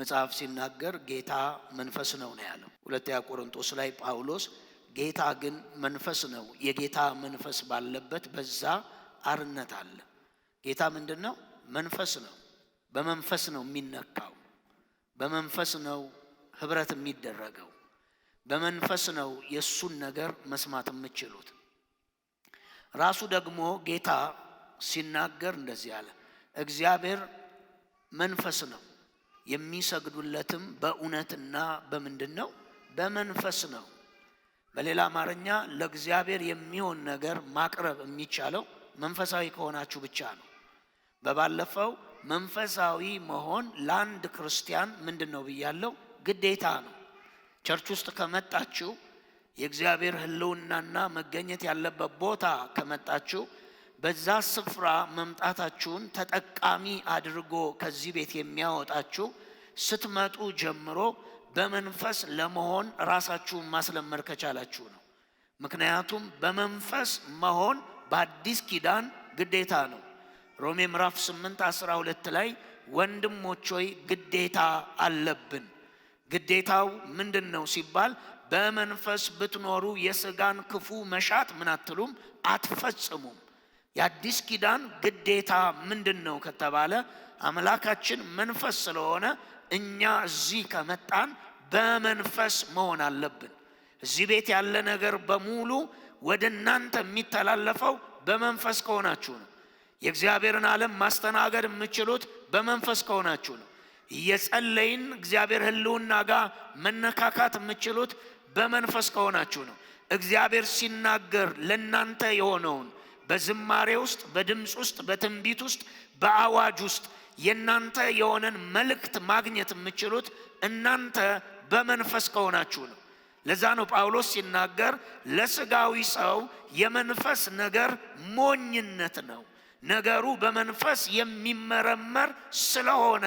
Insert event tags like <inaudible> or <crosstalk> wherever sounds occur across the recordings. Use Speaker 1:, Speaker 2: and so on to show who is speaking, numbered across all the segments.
Speaker 1: መጽሐፍ ሲናገር ጌታ መንፈስ ነው ነው ያለው። ሁለተኛ ቆሮንቶስ ላይ ጳውሎስ ጌታ ግን መንፈስ ነው፣ የጌታ መንፈስ ባለበት በዛ አርነት አለ። ጌታ ምንድን ነው? መንፈስ ነው። በመንፈስ ነው የሚነካው፣ በመንፈስ ነው ህብረት የሚደረገው፣ በመንፈስ ነው የእሱን ነገር መስማት የምችሉት። ራሱ ደግሞ ጌታ ሲናገር እንደዚህ አለ፣ እግዚአብሔር መንፈስ ነው፣ የሚሰግዱለትም በእውነትና በምንድን ነው? በመንፈስ ነው። በሌላ አማርኛ ለእግዚአብሔር የሚሆን ነገር ማቅረብ የሚቻለው መንፈሳዊ ከሆናችሁ ብቻ ነው። በባለፈው መንፈሳዊ መሆን ለአንድ ክርስቲያን ምንድን ነው ብያለው? ግዴታ ነው። ቸርች ውስጥ ከመጣችሁ የእግዚአብሔር ህልውናና መገኘት ያለበት ቦታ ከመጣችሁ በዛ ስፍራ መምጣታችሁን ተጠቃሚ አድርጎ ከዚህ ቤት የሚያወጣችሁ ስትመጡ ጀምሮ በመንፈስ ለመሆን ራሳችሁን ማስለመድ ከቻላችሁ ነው። ምክንያቱም በመንፈስ መሆን በአዲስ ኪዳን ግዴታ ነው። ሮሜ ምዕራፍ 8 12 ላይ ወንድሞች ሆይ ግዴታ አለብን። ግዴታው ምንድን ነው ሲባል በመንፈስ ብትኖሩ የስጋን ክፉ መሻት ምን አትሉም አትፈጽሙም። የአዲስ ኪዳን ግዴታ ምንድን ነው ከተባለ አምላካችን መንፈስ ስለሆነ እኛ እዚህ ከመጣን በመንፈስ መሆን አለብን። እዚህ ቤት ያለ ነገር በሙሉ ወደ እናንተ የሚተላለፈው በመንፈስ ከሆናችሁ ነው። የእግዚአብሔርን ዓለም ማስተናገድ የምችሉት በመንፈስ ከሆናችሁ ነው። እየጸለይን እግዚአብሔር ህልውና ጋር መነካካት የምችሉት በመንፈስ ከሆናችሁ ነው። እግዚአብሔር ሲናገር ለእናንተ የሆነውን በዝማሬ ውስጥ፣ በድምፅ ውስጥ፣ በትንቢት ውስጥ፣ በአዋጅ ውስጥ የእናንተ የሆነን መልእክት ማግኘት የምችሉት እናንተ በመንፈስ ከሆናችሁ ነው። ለዛ ነው ጳውሎስ ሲናገር ለስጋዊ ሰው የመንፈስ ነገር ሞኝነት ነው። ነገሩ በመንፈስ የሚመረመር ስለሆነ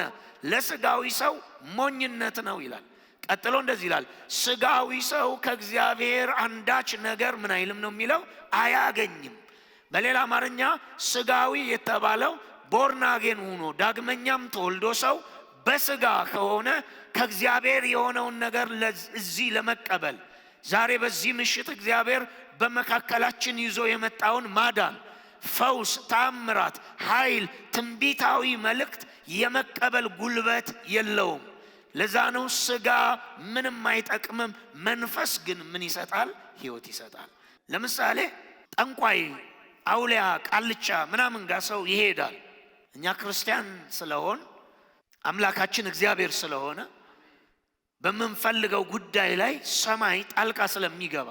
Speaker 1: ለስጋዊ ሰው ሞኝነት ነው ይላል። ቀጥሎ እንደዚህ ይላል፣ ስጋዊ ሰው ከእግዚአብሔር አንዳች ነገር ምን አይልም ነው የሚለው አያገኝም። በሌላ አማርኛ ስጋዊ የተባለው ቦርናጌን ሆኖ ዳግመኛም ተወልዶ ሰው በስጋ ከሆነ ከእግዚአብሔር የሆነውን ነገር እዚህ ለመቀበል ዛሬ በዚህ ምሽት እግዚአብሔር በመካከላችን ይዞ የመጣውን ማዳን ፈውስ፣ ታምራት፣ ኃይል፣ ትንቢታዊ መልእክት የመቀበል ጉልበት የለውም። ለዛ ነው ስጋ ምንም አይጠቅምም፣ መንፈስ ግን ምን ይሰጣል? ህይወት ይሰጣል። ለምሳሌ ጠንቋይ፣ አውሊያ፣ ቃልቻ ምናምን ጋር ሰው ይሄዳል። እኛ ክርስቲያን ስለሆን አምላካችን እግዚአብሔር ስለሆነ በምንፈልገው ጉዳይ ላይ ሰማይ ጣልቃ ስለሚገባ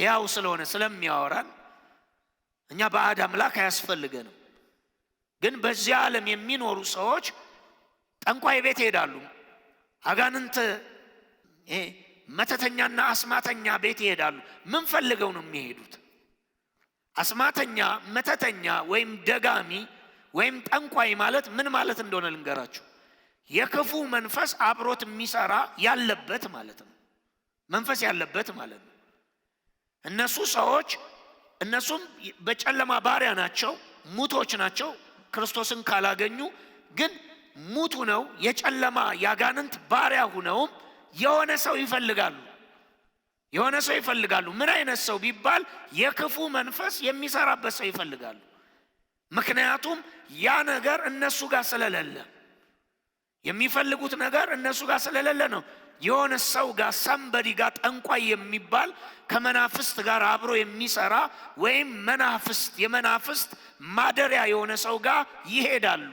Speaker 1: ሕያው ስለሆነ ስለሚያወራን እኛ ባዕድ አምላክ አያስፈልገንም። ግን በዚህ ዓለም የሚኖሩ ሰዎች ጠንቋይ ቤት ይሄዳሉ። አጋንንት መተተኛና አስማተኛ ቤት ይሄዳሉ። ምን ፈልገው ነው የሚሄዱት? አስማተኛ፣ መተተኛ ወይም ደጋሚ ወይም ጠንቋይ ማለት ምን ማለት እንደሆነ ልንገራችሁ። የክፉ መንፈስ አብሮት የሚሰራ ያለበት ማለት ነው። መንፈስ ያለበት ማለት ነው። እነሱ ሰዎች እነሱም በጨለማ ባሪያ ናቸው፣ ሙቶች ናቸው። ክርስቶስን ካላገኙ ግን ሙት ሁነው የጨለማ ያጋንንት ባሪያ ሁነውም የሆነ ሰው ይፈልጋሉ። የሆነ ሰው ይፈልጋሉ። ምን አይነት ሰው ቢባል የክፉ መንፈስ የሚሰራበት ሰው ይፈልጋሉ። ምክንያቱም ያ ነገር እነሱ ጋር ስለሌለ የሚፈልጉት ነገር እነሱ ጋር ስለሌለ ነው። የሆነ ሰው ጋር ሰንበዲ ጋር ጠንቋይ የሚባል ከመናፍስት ጋር አብሮ የሚሰራ ወይም መናፍስት የመናፍስት ማደሪያ የሆነ ሰው ጋር ይሄዳሉ።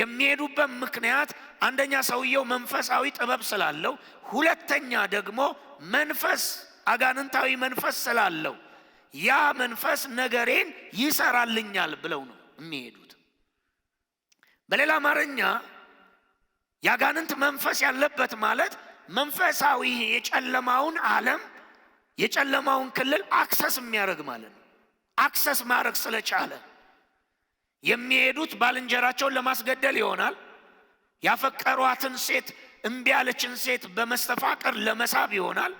Speaker 1: የሚሄዱበት ምክንያት አንደኛ ሰውየው መንፈሳዊ ጥበብ ስላለው፣ ሁለተኛ ደግሞ መንፈስ አጋንንታዊ መንፈስ ስላለው ያ መንፈስ ነገሬን ይሰራልኛል ብለው ነው የሚሄዱት። በሌላ አማርኛ የአጋንንት መንፈስ ያለበት ማለት መንፈሳዊ የጨለማውን ዓለም የጨለማውን ክልል አክሰስ የሚያደርግ ማለት ነው። አክሰስ ማድረግ ስለቻለ የሚሄዱት ባልንጀራቸውን ለማስገደል ይሆናል። ያፈቀሯትን ሴት እምቢ ያለችን ሴት በመስተፋቀር ለመሳብ ይሆናል።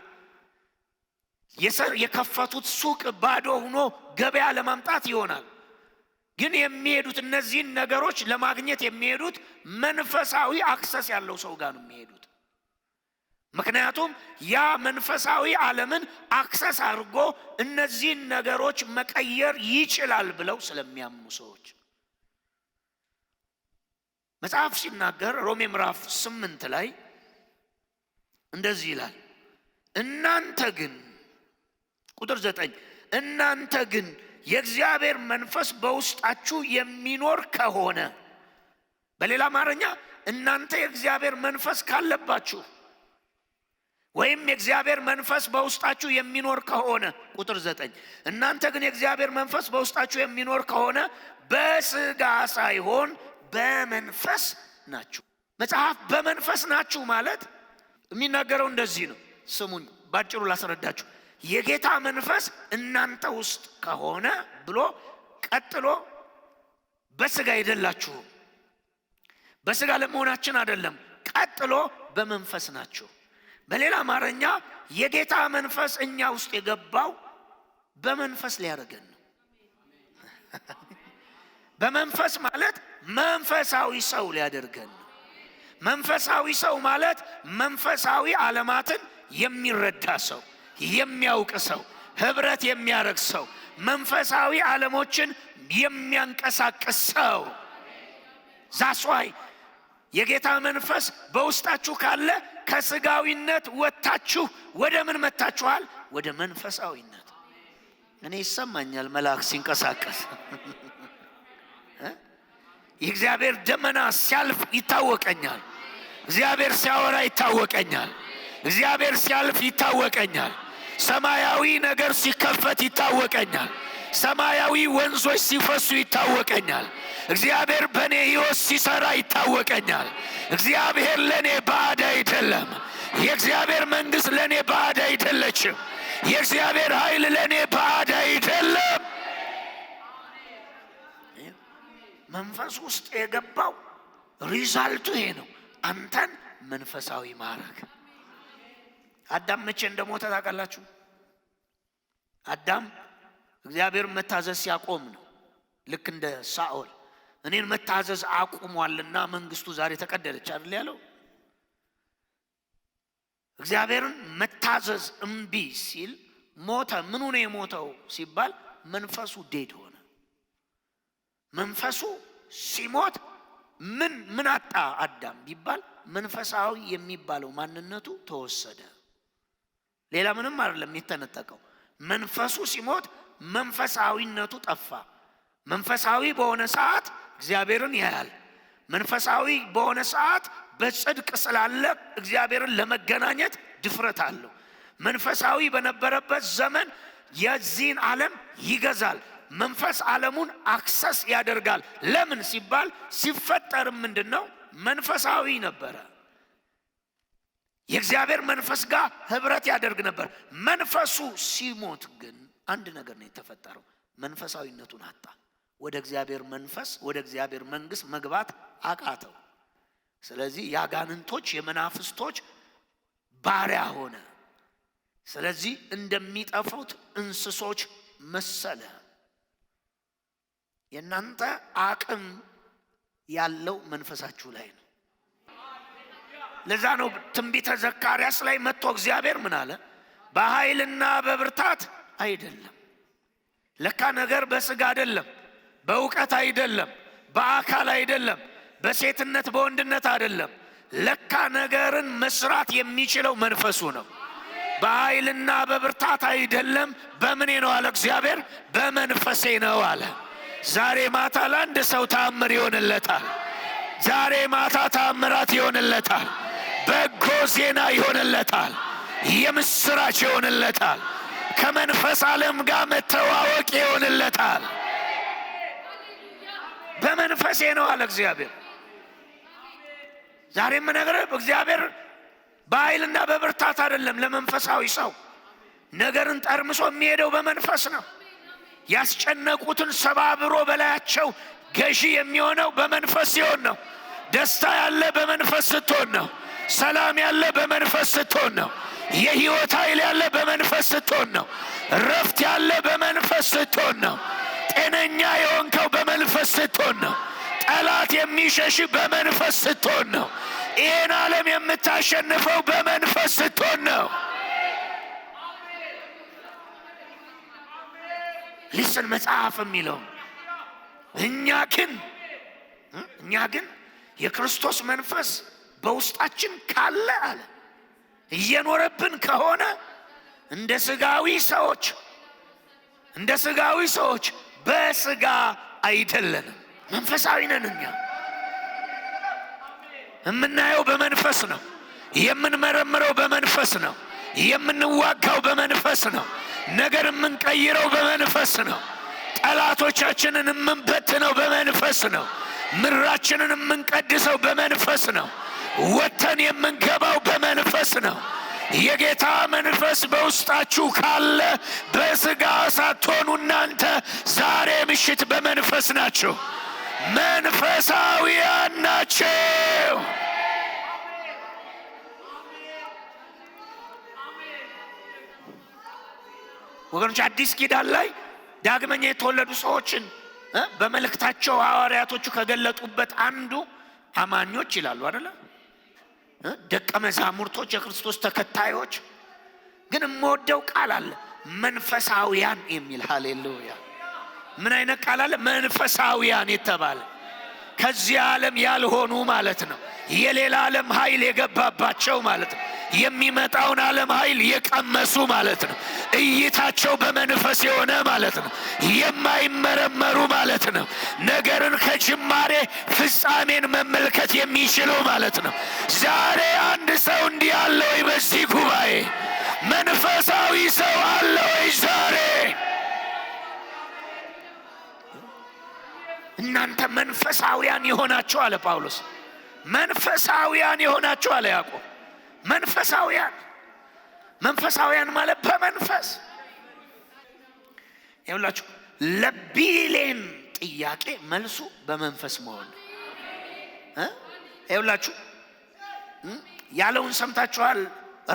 Speaker 1: የከፈቱት ሱቅ ባዶ ሆኖ ገበያ ለማምጣት ይሆናል። ግን የሚሄዱት እነዚህን ነገሮች ለማግኘት የሚሄዱት መንፈሳዊ አክሰስ ያለው ሰው ጋር ነው የሚሄዱት። ምክንያቱም ያ መንፈሳዊ ዓለምን አክሰስ አድርጎ እነዚህን ነገሮች መቀየር ይችላል ብለው ስለሚያምኑ ሰዎች መጽሐፍ ሲናገር ሮሜ ምዕራፍ ስምንት ላይ እንደዚህ ይላል። እናንተ ግን ቁጥር ዘጠኝ እናንተ ግን የእግዚአብሔር መንፈስ በውስጣችሁ የሚኖር ከሆነ በሌላ አማርኛ እናንተ የእግዚአብሔር መንፈስ ካለባችሁ ወይም የእግዚአብሔር መንፈስ በውስጣችሁ የሚኖር ከሆነ ቁጥር ዘጠኝ እናንተ ግን የእግዚአብሔር መንፈስ በውስጣችሁ የሚኖር ከሆነ በስጋ ሳይሆን በመንፈስ ናችሁ። መጽሐፍ በመንፈስ ናችሁ ማለት የሚናገረው እንደዚህ ነው። ስሙኝ ባጭሩ ላስረዳችሁ። የጌታ መንፈስ እናንተ ውስጥ ከሆነ ብሎ ቀጥሎ በስጋ አይደላችሁም። በስጋ ለመሆናችን አይደለም፣ ቀጥሎ በመንፈስ ናችሁ። በሌላ አማርኛ የጌታ መንፈስ እኛ ውስጥ የገባው በመንፈስ ሊያደርገን ነው። <laughs> በመንፈስ ማለት መንፈሳዊ ሰው ሊያደርገን ነው። መንፈሳዊ ሰው ማለት መንፈሳዊ ዓለማትን የሚረዳ ሰው፣ የሚያውቅ ሰው፣ ህብረት የሚያደርግ ሰው፣ መንፈሳዊ ዓለሞችን የሚያንቀሳቅስ ሰው ዛስዋይ የጌታ መንፈስ በውስጣችሁ ካለ ከስጋዊነት ወጥታችሁ ወደ ምን መታችኋል ወደ መንፈሳዊነት። እኔ ይሰማኛል መልአክ ሲንቀሳቀስ የእግዚአብሔር ደመና ሲያልፍ ይታወቀኛል። እግዚአብሔር ሲያወራ ይታወቀኛል። እግዚአብሔር ሲያልፍ ይታወቀኛል። ሰማያዊ ነገር ሲከፈት ይታወቀኛል። ሰማያዊ ወንዞች ሲፈሱ ይታወቀኛል። እግዚአብሔር በእኔ ሕይወት ሲሰራ ይታወቀኛል። እግዚአብሔር ለእኔ ባዕዳይ አይደለም። የእግዚአብሔር መንግሥት ለእኔ ባዕድ አይደለችም። የእግዚአብሔር ኃይል ለእኔ ባዕድ አይደለም። መንፈስ ውስጥ የገባው ሪዛልቱ ይሄ ነው። አንተን መንፈሳዊ ማረግ አዳም መቼ እንደሞተ ታውቃላችሁ? አዳም እግዚአብሔር መታዘዝ ሲያቆም ነው። ልክ እንደ ሳኦል እኔን መታዘዝ አቁሟልና መንግስቱ ዛሬ ተቀደደች አይደል ያለው። እግዚአብሔርን መታዘዝ እምቢ ሲል ሞተ። ምኑ ነው የሞተው ሲባል መንፈሱ ዴድ ሆነ። መንፈሱ ሲሞት ምን ምን አጣ አዳም ቢባል መንፈሳዊ የሚባለው ማንነቱ ተወሰደ። ሌላ ምንም አይደለም የተነጠቀው። መንፈሱ ሲሞት መንፈሳዊነቱ ጠፋ። መንፈሳዊ በሆነ ሰዓት እግዚአብሔርን ያያል። መንፈሳዊ በሆነ ሰዓት በጽድቅ ስላለ እግዚአብሔርን ለመገናኘት ድፍረት አለው። መንፈሳዊ በነበረበት ዘመን የዚህን ዓለም ይገዛል። መንፈስ ዓለሙን አክሰስ ያደርጋል። ለምን ሲባል ሲፈጠርም ምንድን ነው መንፈሳዊ ነበረ። የእግዚአብሔር መንፈስ ጋር ህብረት ያደርግ ነበር። መንፈሱ ሲሞት ግን አንድ ነገር ነው የተፈጠረው፣ መንፈሳዊነቱን አጣ። ወደ እግዚአብሔር መንፈስ ወደ እግዚአብሔር መንግስት መግባት አቃተው። ስለዚህ የአጋንንቶች የመናፍስቶች ባሪያ ሆነ። ስለዚህ እንደሚጠፉት እንስሶች መሰለ። የእናንተ አቅም ያለው መንፈሳችሁ ላይ ነው። ለዛ ነው ትንቢተ ዘካርያስ ላይ መጥቶ እግዚአብሔር ምን አለ? በኃይልና በብርታት አይደለም። ለካ ነገር በስጋ አይደለም በእውቀት አይደለም፣ በአካል አይደለም፣ በሴትነት በወንድነት አይደለም። ለካ ነገርን መስራት የሚችለው መንፈሱ ነው። በኃይልና በብርታት አይደለም። በምኔ ነው አለ እግዚአብሔር፣ በመንፈሴ ነው አለ። ዛሬ ማታ ለአንድ ሰው ተአምር ይሆንለታል። ዛሬ ማታ ተአምራት ይሆንለታል። በጎ ዜና ይሆንለታል። የምስራች ይሆንለታል። ከመንፈስ ዓለም ጋር መተዋወቅ ይሆንለታል። በመንፈሴ ነው አለ እግዚአብሔር። ዛሬ የምነግርህ እግዚአብሔር በኃይልና በብርታት አይደለም ለመንፈሳዊ ሰው ነገርን ጠርምሶ የሚሄደው በመንፈስ ነው። ያስጨነቁትን ሰባብሮ በላያቸው ገዢ የሚሆነው በመንፈስ ሲሆን ነው። ደስታ ያለ በመንፈስ ስትሆን ነው። ሰላም ያለ በመንፈስ ስትሆን ነው። የሕይወት ኃይል ያለ በመንፈስ ስትሆን ነው። ረፍት ያለ በመንፈስ ስትሆን ነው። ጤነኛ የሆንከው በመንፈስ ስትሆን ነው። ጠላት የሚሸሽ በመንፈስ ስትሆን ነው። ይህን ዓለም የምታሸንፈው በመንፈስ ስትሆን ነው። ሊስን መጽሐፍ የሚለው እኛ ግን እኛ ግን የክርስቶስ መንፈስ በውስጣችን ካለ አለ እየኖረብን ከሆነ እንደ ስጋዊ ሰዎች እንደ ስጋዊ ሰዎች በስጋ አይደለንም። መንፈሳዊ ነን። እኛ የምናየው በመንፈስ ነው። የምንመረምረው በመንፈስ ነው። የምንዋጋው በመንፈስ ነው። ነገር የምንቀይረው በመንፈስ ነው። ጠላቶቻችንን የምንበትነው በመንፈስ ነው። ምድራችንን የምንቀድሰው በመንፈስ ነው። ወጥተን የምንገባው በመንፈስ ነው። የጌታ መንፈስ በውስጣችሁ ካለ በስጋ ሳትሆኑ እናንተ ዛሬ ምሽት በመንፈስ ናቸው፣ መንፈሳዊያን ናቸው። ወገኖች አዲስ ኪዳን ላይ ዳግመኛ የተወለዱ ሰዎችን በመልእክታቸው ሐዋርያቶቹ ከገለጡበት አንዱ አማኞች ይላሉ አደለም? ደቀ መዛሙርቶች፣ የክርስቶስ ተከታዮች። ግን የምወደው ቃል አለ መንፈሳውያን የሚል ሃሌሉያ። ምን አይነት ቃል አለ? መንፈሳውያን የተባለ ከዚህ ዓለም ያልሆኑ ማለት ነው። የሌላ ዓለም ኃይል የገባባቸው ማለት ነው። የሚመጣውን ዓለም ኃይል የቀመሱ ማለት ነው። እይታቸው በመንፈስ የሆነ ማለት ነው። የማይመረመሩ ማለት ነው። ነገርን ከጅማሬ ፍጻሜን መመልከት የሚችሉ ማለት ነው። ዛሬ አንድ ሰው እንዲህ አለ ወይ? በዚህ ጉባኤ መንፈሳዊ ሰው አለ ወይ? ዛሬ እናንተ መንፈሳውያን የሆናችሁ አለ ጳውሎስ። መንፈሳውያን የሆናችሁ አለ ያዕቆብ መንፈሳውያን መንፈሳውያን ማለት በመንፈስ ይሁላችሁ። ለቢሌን ጥያቄ መልሱ በመንፈስ መሆን ይሁላችሁ። ያለውን ሰምታችኋል።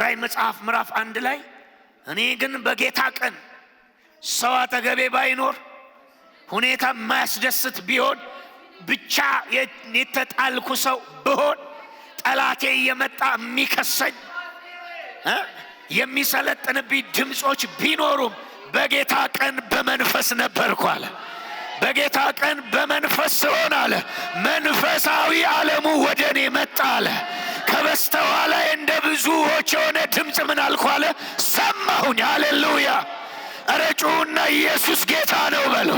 Speaker 1: ራእይ መጽሐፍ ምዕራፍ አንድ ላይ እኔ ግን በጌታ ቀን ሰው አጠገቤ ባይኖር ሁኔታ የማያስደስት ቢሆን ብቻ የተጣልኩ ሰው ብሆን ጠላቴ እየመጣ የሚከሰኝ የሚሰለጥንብኝ ድምፆች ቢኖሩም በጌታ ቀን በመንፈስ ነበርኩ አለ። በጌታ ቀን በመንፈስ ስሆን አለ መንፈሳዊ ዓለሙ ወደ እኔ መጣ አለ። ከበስተኋላ እንደ ብዙዎች የሆነ ድምፅ ምን አልኩ አለ ሰማሁኝ። አሌሉያ! እረጩና ኢየሱስ ጌታ ነው በሎ።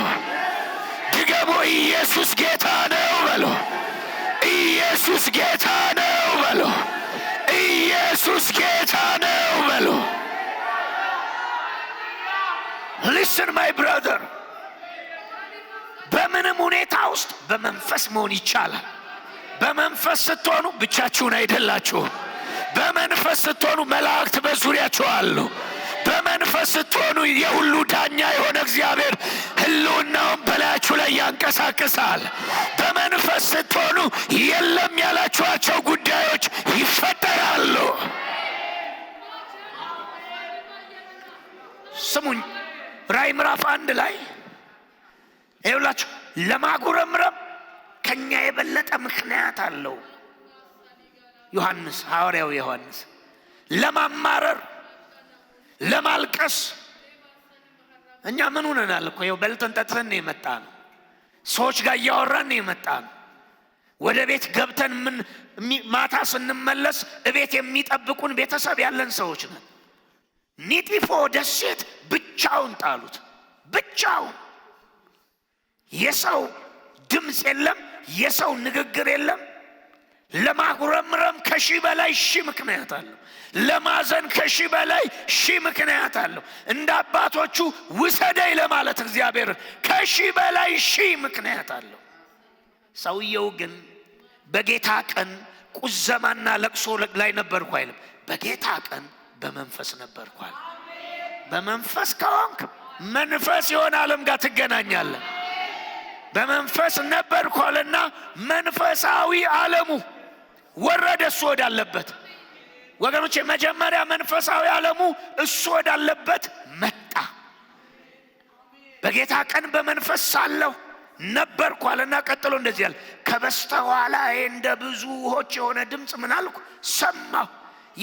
Speaker 1: ድገሞ ኢየሱስ ጌታ ነው በሎ። ኢየሱስ ጌታ ነው በሉ። ኢየሱስ ጌታ ነው በሉ። ሊስን ማይ ብራዘር፣ በምንም ሁኔታ ውስጥ በመንፈስ መሆን ይቻላል። በመንፈስ ስትሆኑ ብቻችሁን አይደላችሁም። በመንፈስ ስትሆኑ መላእክት በዙሪያችሁ አሉ። መንፈስ ስትሆኑ የሁሉ ዳኛ የሆነ እግዚአብሔር ህልውናውን በላያችሁ ላይ ያንቀሳቅሳል። በመንፈስ ስትሆኑ የለም ያላችኋቸው ጉዳዮች ይፈጠራሉ። ስሙኝ፣ ራእይ ምዕራፍ አንድ ላይ ይውላችሁ ለማጉረምረም ከኛ የበለጠ ምክንያት አለው። ዮሐንስ ሐዋርያው ዮሐንስ ለማማረር ለማልቀስ እኛ ምን ሆነናል እኮ ይኸው በልተን ጠጥተን የመጣ ነው። ሰዎች ጋር እያወራን የመጣ ነው። ወደ ቤት ገብተን ምን ማታ ስንመለስ እቤት የሚጠብቁን ቤተሰብ ያለን ሰዎች ነን። ኒጢፎ ደሴት ብቻውን ጣሉት። ብቻውን የሰው ድምፅ የለም፣ የሰው ንግግር የለም። ለማጉረምረም ከሺህ በላይ ሺህ ምክንያት አለው። ለማዘን ከሺህ በላይ ሺህ ምክንያት አለው። እንደ አባቶቹ ውሰደኝ ለማለት እግዚአብሔር ከሺህ በላይ ሺህ ምክንያት አለው። ሰውየው ግን በጌታ ቀን ቁዘማና ለቅሶ ላይ ነበርኩ አይልም። በጌታ ቀን በመንፈስ ነበርኩ አለ። በመንፈስ ከሆንክ መንፈስ የሆነ ዓለም ጋር ትገናኛለህ። በመንፈስ ነበርኳልና መንፈሳዊ ዓለሙ ወረደ እሱ ወዳለበት። ወገኖች መጀመሪያ መንፈሳዊ ዓለሙ እሱ ወዳለበት መጣ። በጌታ ቀን በመንፈስ ሳለሁ ነበርኩ አለና ቀጥሎ እንደዚህ ያለ ከበስተኋላ እንደ ብዙ ውሆች የሆነ ድምፅ ምን አልኩ ሰማሁ።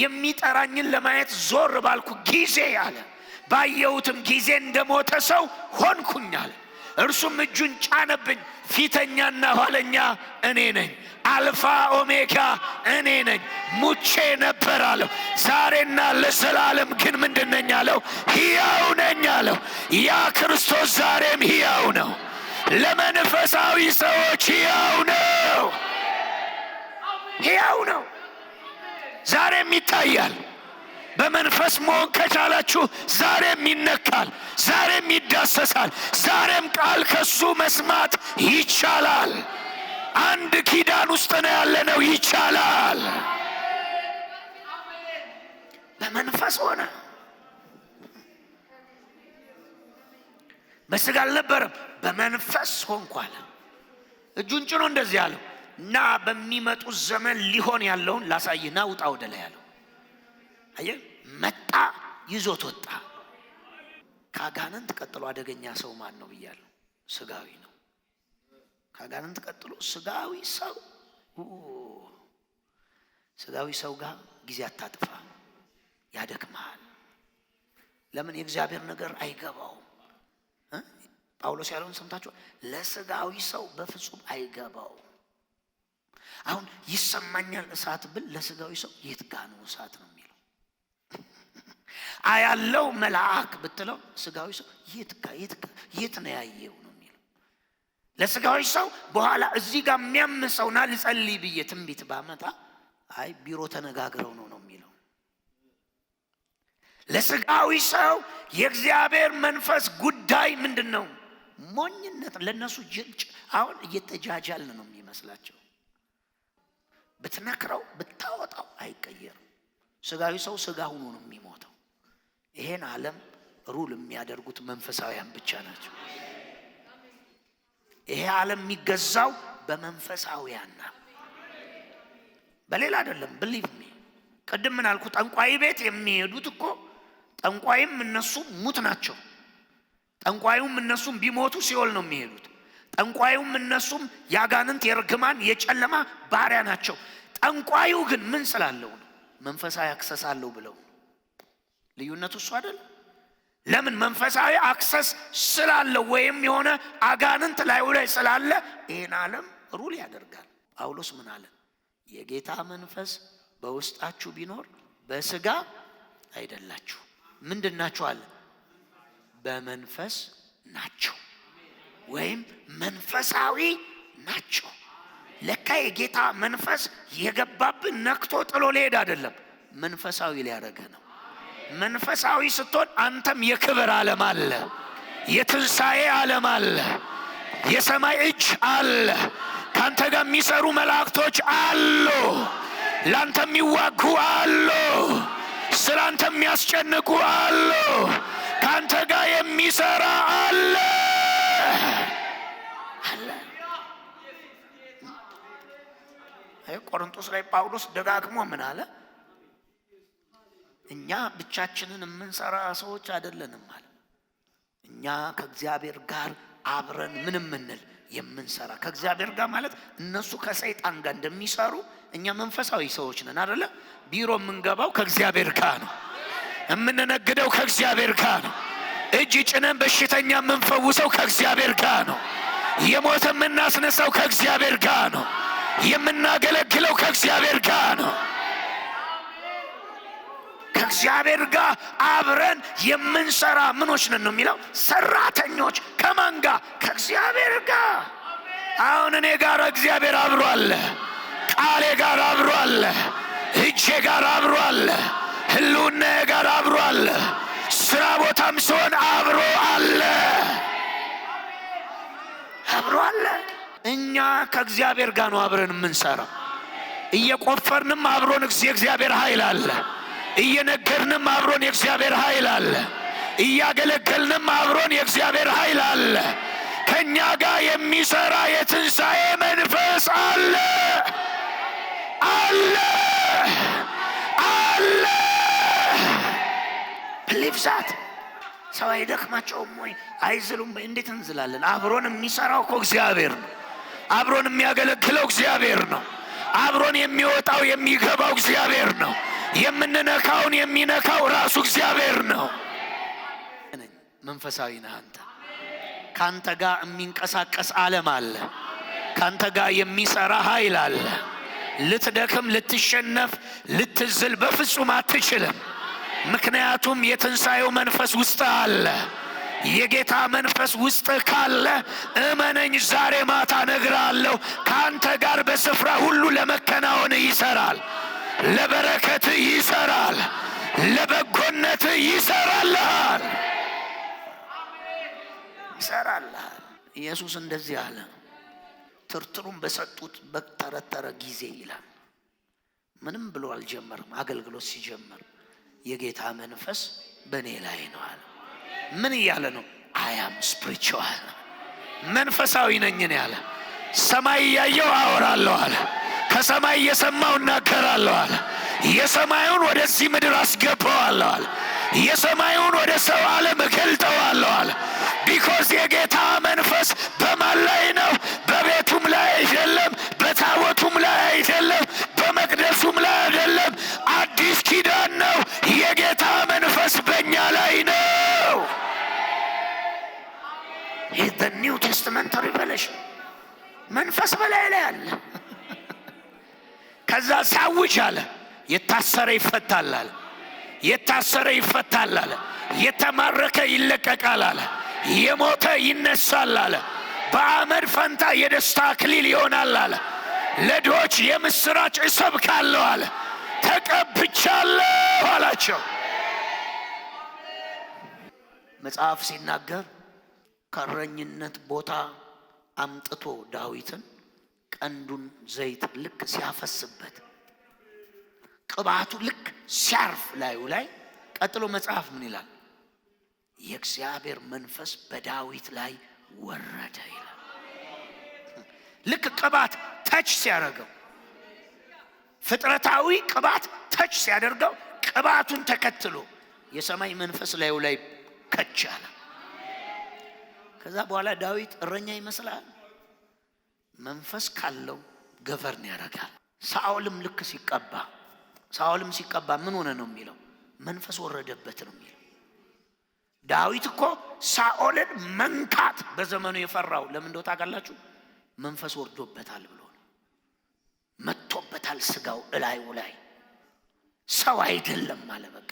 Speaker 1: የሚጠራኝን ለማየት ዞር ባልኩ ጊዜ አለ ባየሁትም ጊዜ እንደሞተ ሰው ሆንኩኝ አለ። እርሱም እጁን ጫነብኝ። ፊተኛና ኋለኛ እኔ ነኝ፣ አልፋ ኦሜጋ እኔ ነኝ። ሙቼ ነበር አለው፣ ዛሬና ለዘላለም ግን ምንድን ነኝ አለው? ሕያው ነኝ አለው። ያ ክርስቶስ ዛሬም ሕያው ነው፣ ለመንፈሳዊ ሰዎች ሕያው ነው፣ ሕያው ነው፣ ዛሬም ይታያል። በመንፈስ መሆን ከቻላችሁ ዛሬም ይነካል፣ ዛሬም ይዳሰሳል፣ ዛሬም ቃል ከሱ መስማት ይቻላል። አንድ ኪዳን ውስጥ ነው ያለነው። ይቻላል። በመንፈስ ሆነ፣ በስጋ አልነበረም። በመንፈስ ሆንኳል። እጁን ጭኖ እንደዚህ አለው፣ ና በሚመጡት ዘመን ሊሆን ያለውን ላሳይህ፣ ና ውጣ ወደ ላይ አለው። አየ መጣ፣ ይዞት ወጣ። ከአጋንንት ቀጥሎ አደገኛ ሰው ማን ነው ብያለሁ? ስጋዊ ነው። ከአጋንንት ቀጥሎ ስጋዊ ሰው። ስጋዊ ሰው ጋር ጊዜ አታጥፋ፣ ያደክመሃል። ለምን? የእግዚአብሔር ነገር አይገባውም። ጳውሎስ ያለውን ሰምታችሁ፣ ለስጋዊ ሰው በፍጹም አይገባውም። አሁን ይሰማኛል እሳት ብል ለስጋዊ ሰው የት ጋ ነው እሳት ነው አያለው መልአክ ብትለው ስጋዊ ሰው የት ጋ የት ነው ያየው ነው የሚለው። ለስጋዊ ሰው በኋላ እዚህ ጋር የሚያምሰውና ልጸልይ ብዬ ትንቢት ባመጣ አይ ቢሮ ተነጋግረው ነው ነው የሚለው። ለስጋዊ ሰው የእግዚአብሔር መንፈስ ጉዳይ ምንድን ነው? ሞኝነት ለእነሱ ጅልጭ። አሁን እየተጃጃልን ነው የሚመስላቸው። ብትነክረው ብታወጣው አይቀየርም። ስጋዊ ሰው ስጋ ሁኖ ነው የሚሞተው። ይሄን ዓለም ሩል የሚያደርጉት መንፈሳውያን ብቻ ናቸው። ይሄ ዓለም የሚገዛው በመንፈሳውያን በሌላ አይደለም። ብሊቭ ሚ ቅድም ምን አልኩ? ጠንቋይ ቤት የሚሄዱት እኮ ጠንቋይም እነሱ ሙት ናቸው። ጠንቋዩም እነሱም ቢሞቱ ሲኦል ነው የሚሄዱት። ጠንቋዩም እነሱም ያጋንንት፣ የርግማን፣ የጨለማ ባሪያ ናቸው። ጠንቋዩ ግን ምን ስላለው ነው? መንፈሳዊ አክሰስ አለው ብለው ልዩነቱ እሱ አይደል? ለምን መንፈሳዊ አክሰስ ስላለ ወይም የሆነ አጋንንት ላዩ ላይ ስላለ ይህን ዓለም ሩል ያደርጋል። ጳውሎስ ምን አለ? የጌታ መንፈስ በውስጣችሁ ቢኖር በስጋ አይደላችሁ። ምንድን ናችሁ አለ? በመንፈስ ናቸው ወይም መንፈሳዊ ናቸው። ለካ የጌታ መንፈስ የገባብን ነክቶ ጥሎ ሊሄድ አይደለም፣ መንፈሳዊ ሊያደረገ ነው። መንፈሳዊ ስትሆን አንተም የክብር ዓለም አለ፣ የትንሣኤ ዓለም አለ፣ የሰማይ እጅ አለ፣ ከአንተ ጋር የሚሰሩ መላእክቶች አሉ፣ ለአንተ የሚዋጉ አሉ፣ ስለ አንተ የሚያስጨንቁ አሉ፣ ከአንተ ጋር የሚሰራ አለ። ቆሮንቶስ ላይ ጳውሎስ ደጋግሞ ምን አለ? እኛ ብቻችንን የምንሰራ ሰዎች አይደለንም አለ። እኛ ከእግዚአብሔር ጋር አብረን ምን ምንል የምንሰራ ከእግዚአብሔር ጋር ማለት እነሱ ከሰይጣን ጋር እንደሚሰሩ እኛ መንፈሳዊ ሰዎች ነን አደለ? ቢሮ የምንገባው ከእግዚአብሔር ጋር ነው። የምንነግደው ከእግዚአብሔር ጋር ነው። እጅ ጭነን በሽተኛ የምንፈውሰው ከእግዚአብሔር ጋር ነው። የሞተ የምናስነሳው ከእግዚአብሔር ጋር ነው። የምናገለግለው ከእግዚአብሔር ጋር ነው። ከእግዚአብሔር ጋር አብረን የምንሰራ ምኖች ነን ነው የሚለው። ሰራተኞች ከማን ጋር? ከእግዚአብሔር ጋር። አሁን እኔ ጋር እግዚአብሔር አብሮ አለ። ቃሌ ጋር አብሮ አለ። እጄ ጋር አብሮ አለ። ጋር አብሮ አለ። ስራ ቦታም ሲሆን አብሮ አለ። አብሮ አለ። እኛ ከእግዚአብሔር ጋር ነው አብረን የምንሰራው። እየቆፈርንም አብሮን እግዚአብሔር ኃይል አለ። እየነገርንም አብሮን የእግዚአብሔር ኃይል አለ። እያገለገልንም አብሮን የእግዚአብሔር ኃይል አለ። ከእኛ ጋር የሚሠራ የትንሣኤ መንፈስ አለ አለ አለ። ፕሊብዛት ሰው አይደክማቸውም ወይ? አይዝሉም? እንዴት እንዝላለን? አብሮን የሚሠራው እኮ እግዚአብሔር ነው። አብሮን የሚያገለግለው እግዚአብሔር ነው። አብሮን የሚወጣው የሚገባው እግዚአብሔር ነው። የምንነካውን የሚነካው ራሱ እግዚአብሔር ነው። መንፈሳዊ ነህ አንተ። ከአንተ ጋር የሚንቀሳቀስ ዓለም አለ። ከአንተ ጋር የሚሰራ ኃይል አለ። ልትደክም፣ ልትሸነፍ፣ ልትዝል በፍጹም አትችልም። ምክንያቱም የትንሣኤው መንፈስ ውስጥ አለ። የጌታ መንፈስ ውስጥ ካለ እመነኝ፣ ዛሬ ማታ ነግራለሁ፣ ከአንተ ጋር በስፍራ ሁሉ ለመከናወን ይሰራል። ለበረከት ይሰራል፣ ለበጎነት ይሰራልሃል፣ ይሰራልሃል። ኢየሱስ እንደዚህ አለ። ትርትሩን በሰጡት በተረተረ ጊዜ ይላል ምንም ብሎ አልጀመርም። አገልግሎት ሲጀምር የጌታ መንፈስ በእኔ ላይ ነው አለ። ምን እያለ ነው? አያም ስፕሪቹዋል መንፈሳዊ ነኝን ያለ ሰማይ እያየው አወራለሁ አለ። ከሰማይ እየሰማው አለ። የሰማዩን ወደዚህ ምድር አስገባዋለዋል። የሰማዩን ወደ ሰው ዓለም እገልጠዋለዋል። ቢኮዝ የጌታ መንፈስ በማን ላይ ነው? በቤቱም ላይ አይደለም፣ በታቦቱም ላይ አይደለም፣ በመቅደሱም ላይ አይደለም። አዲስ ኪዳን ነው። የጌታ መንፈስ በእኛ ላይ ነው። ይህ በኒው ቴስትመንት ሪቨሌሽን መንፈስ በላይ ላይ አለ። ከዛ ሳውጅ አለ። የታሰረ ይፈታል አለ። የታሰረ ይፈታል አለ። የተማረከ ይለቀቃል አለ። የሞተ ይነሳል አለ። በአመድ ፈንታ የደስታ ክሊል ይሆናል አለ። ለድሆች የምስራች እሰብካለሁ አለ። ተቀብቻለሁ አላቸው። መጽሐፍ ሲናገር ከረኝነት ቦታ አምጥቶ ዳዊትን ቀንዱን ዘይት ልክ ሲያፈስበት ቅባቱ ልክ ሲያርፍ ላዩ ላይ ቀጥሎ መጽሐፍ ምን ይላል? የእግዚአብሔር መንፈስ በዳዊት ላይ ወረደ ይላል። ልክ ቅባት ተች ሲያደርገው ፍጥረታዊ ቅባት ተች ሲያደርገው ቅባቱን ተከትሎ የሰማይ መንፈስ ላዩ ላይ ከች አለ። ከዛ በኋላ ዳዊት እረኛ ይመስላል መንፈስ ካለው ገቨርን ያደርጋል። ሳኦልም ልክ ሲቀባ ሳኦልም ሲቀባ ምን ሆነ ነው የሚለው መንፈስ ወረደበት ነው የሚለው። ዳዊት እኮ ሳኦልን መንካት በዘመኑ የፈራው ለምን እንደው ታውቃላችሁ? መንፈስ ወርዶበታል ብሎ ነው። መጥቶበታል ስጋው እላዩ ላይ ሰው አይደለም አለ በቃ።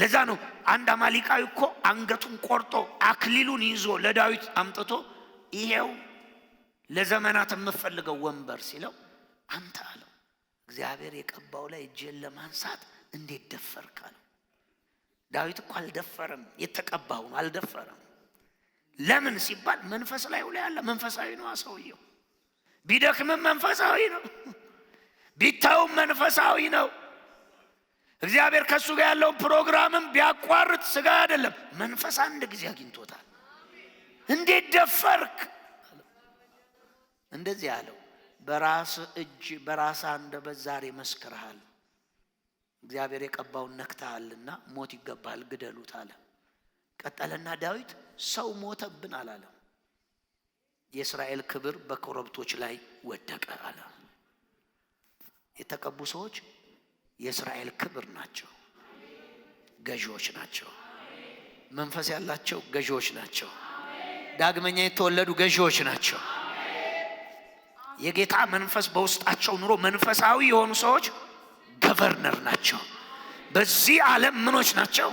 Speaker 1: ለዛ ነው አንድ አማሊቃዊ እኮ አንገቱን ቆርጦ አክሊሉን ይዞ ለዳዊት አምጥቶ ይሄው ለዘመናት የምፈልገው ወንበር ሲለው አንተ አለው እግዚአብሔር የቀባው ላይ እጅን ለማንሳት እንዴት ደፈርክ አለው። ዳዊት እኮ አልደፈረም፣ የተቀባው ነው አልደፈረም። ለምን ሲባል መንፈስ ላይ ውላ ያለ መንፈሳዊ ነው ሰውየው። ቢደክምም መንፈሳዊ ነው፣ ቢታውም መንፈሳዊ ነው። እግዚአብሔር ከእሱ ጋር ያለውን ፕሮግራምም ቢያቋርጥ ስጋ አይደለም መንፈስ አንድ ጊዜ አግኝቶታል። እንዴት ደፈርክ እንደዚህ አለው፣ በራስ እጅ በራስ አንደበት ዛሬ መስክርሃል። እግዚአብሔር የቀባውን ነክተሃልና ሞት ይገባል ግደሉት አለ። ቀጠለና ዳዊት ሰው ሞተብን አላለም። የእስራኤል ክብር በኮረብቶች ላይ ወደቀ አለ። የተቀቡ ሰዎች የእስራኤል ክብር ናቸው፣ ገዢዎች ናቸው። መንፈስ ያላቸው ገዢዎች ናቸው። ዳግመኛ የተወለዱ ገዢዎች ናቸው። የጌታ መንፈስ በውስጣቸው ኑሮ መንፈሳዊ የሆኑ ሰዎች ገቨርነር ናቸው። በዚህ ዓለም ምኖች ናቸው